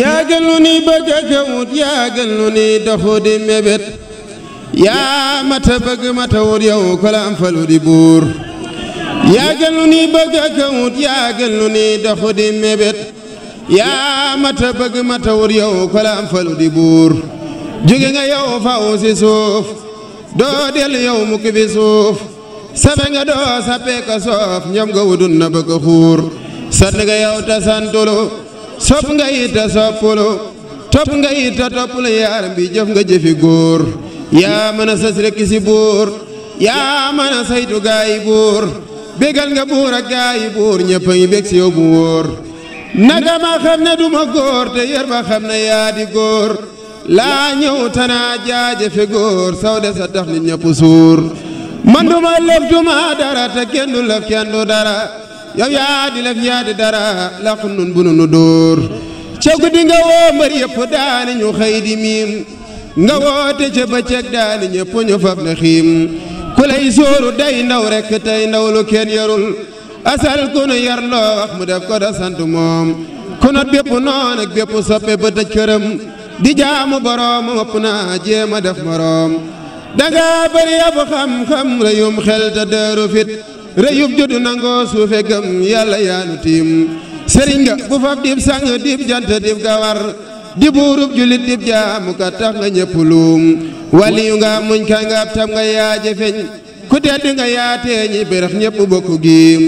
yaa gën lu nuy bëgg a yaa gën lu nuy dofu di mébét yaa mata bëgg mata wut yow ko la am falu di buur yaa gën lu nuy bëgg a yaa gën lu nuy dofu di mébét yaa mata bëgg mata wut yow ko la am falu di buur jóge nga yow faw si suuf doo del yow mukk bi suuf sabe nga doo sappee ko soof ñam nga wudun na bëgg xuur sant nga yow ta sopp nga ita soppulu topp nga ita toppulu yaaram bi nga jëfi góor yaa mën a sës rekk yaa mën a saytu gaa yi buur nga buur ak gaa yi buur si yow wóor naka ma xam ne duma góor te yër ma xam ne yaa di góor laa ñëw tanaa jaajëfe góor saw sa tax nit ñëpp suur man duma lëf duma dara te kenn du lëf dara yow yaa di lef ñaa di dara laq nun bu nu dóor ca guddi nga woo mbër yëpp daani ñu xëy di miim nga woote ca bëccëg daani ñëpp ñu fab na xiim ku lay sóoru day ndaw rekk tey ndaw kenn yarul asal ku nu yar wax mu def ko da sant moom ku not bépp noon ak bépp soppe ba tëj këram di jaamu boroom ëpp naa jéema def moroom danga bëri yabu xam-xam rëyum xel te dëru fit rëyub juddu nangoo suufe gëm yàlla yaanu sëriñ nga bu fab dib sang dib jant dib gawar di buurub julit dib jaamu ka tax nga ñëpp luum waliyu nga muñ ka nga ab tam nga yaaje feñ ku tedd nga yaatee ñi berax ñëpp bokk giim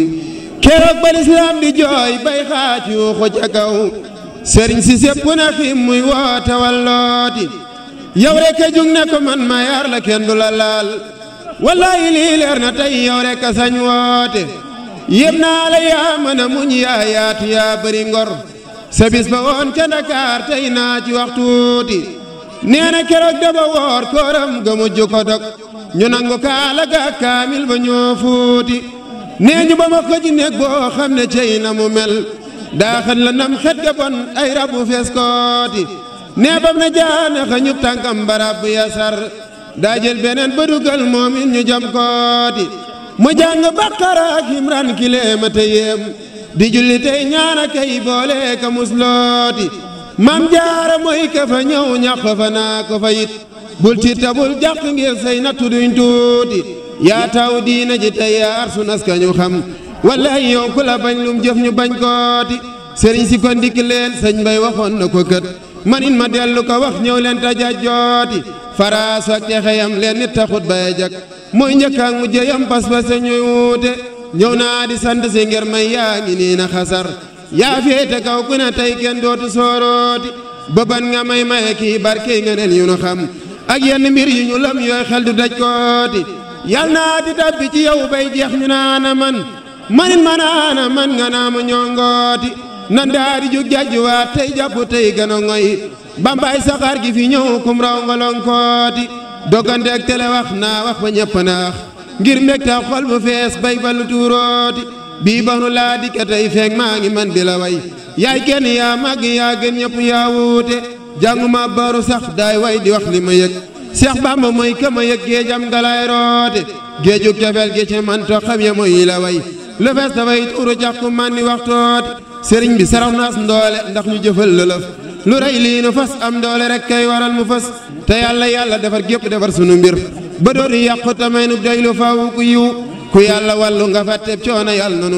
keroog ba lislaam di jooy bay xaaj yuuxu ca kaw sëriñ si sépp na fi muy woote wallooti yow rek a jug ne ko man ma yaar la kenn la laal wallaahi lii na tey yow rek a sañ woote yéem naa la yaa mën muñ yaa yaa bëri ngor sa ba woon ca Ndakaar tey naa ci wax nee na keroog daba woor kóoram ga mujj ko dog ñu nangu kaala ga kaamil ba ñoo fuuti nee ñu ba ma ko nekk boo xam ne cey na mu mel daaxan la nam xet ga bon ay rabu fees kooti nee bam na jaana xa ñub tànkam barab ya sar daajal beneen ba dugal moom it ñu jam kooti mu jàng baqara ak imran kilee ma di julli tey ñaana kay boole ka muslooti mam jaara mooy ka fa ñëw ñax fa naa ko fa yit bul ci tabul jàq ngir say nattu duñ tuuti yaa taw diina ji tey yaa arsu ñu xam wallaay yow ku la bañ lum jëf ñu bañ kooti sëriñ si ko ndikk leen sëñ bay waxoon na ko kët manin ma dellu ko wax ñëw leen ta jajjooti faraas ak texeyam leen nit taxut bay jak mooy njëkk ak mujj yam pas-pas ñuy wuute ñëw naa di sant si ngir yaa ngi nii na xasar yaa féete kaw ku ne tey kenn dootu soorooti bëban nga may maye kii barke nga neen yu xam ak yenn mbir yu ñu lam yooy xel du daj kooti yal naa di dab bi ci yow bay jeex ñu naana man manit ma naana man nga naa mu ñongooti nan daa di jug jajjuwaat tey jàpp tey gën a ngoy bambaay saxaar gi fi ñëw kum raw nga lonkooti dogganteeg tele wax naa wax ba ñëpp naax ngir mbégtax xol bu fees bay ba lu tuurooti bii baxru laa dikke tey feeg maa ngi man di la way yaay kenn yaa màgg yaa gën ñëpp yaa wuute jànguma baru sax daay way di wax li ma yëg Seex Bàmba mooy ka ma yëg géejam galay roote géejug cofeel gi ci man to xam ya mooy la way lu fees dafay tuuru ku man di sëriñ bi sarax naas ndoole ndax ñu jëfal lëlëf لوراي لي نفاس ام دول رك كاي وارال مفاس تا يالا يالا دافار گيب دافار سونو مير بدور ياخو تامينو دايلو فاو كو يو كو يالا والو غا فاتيب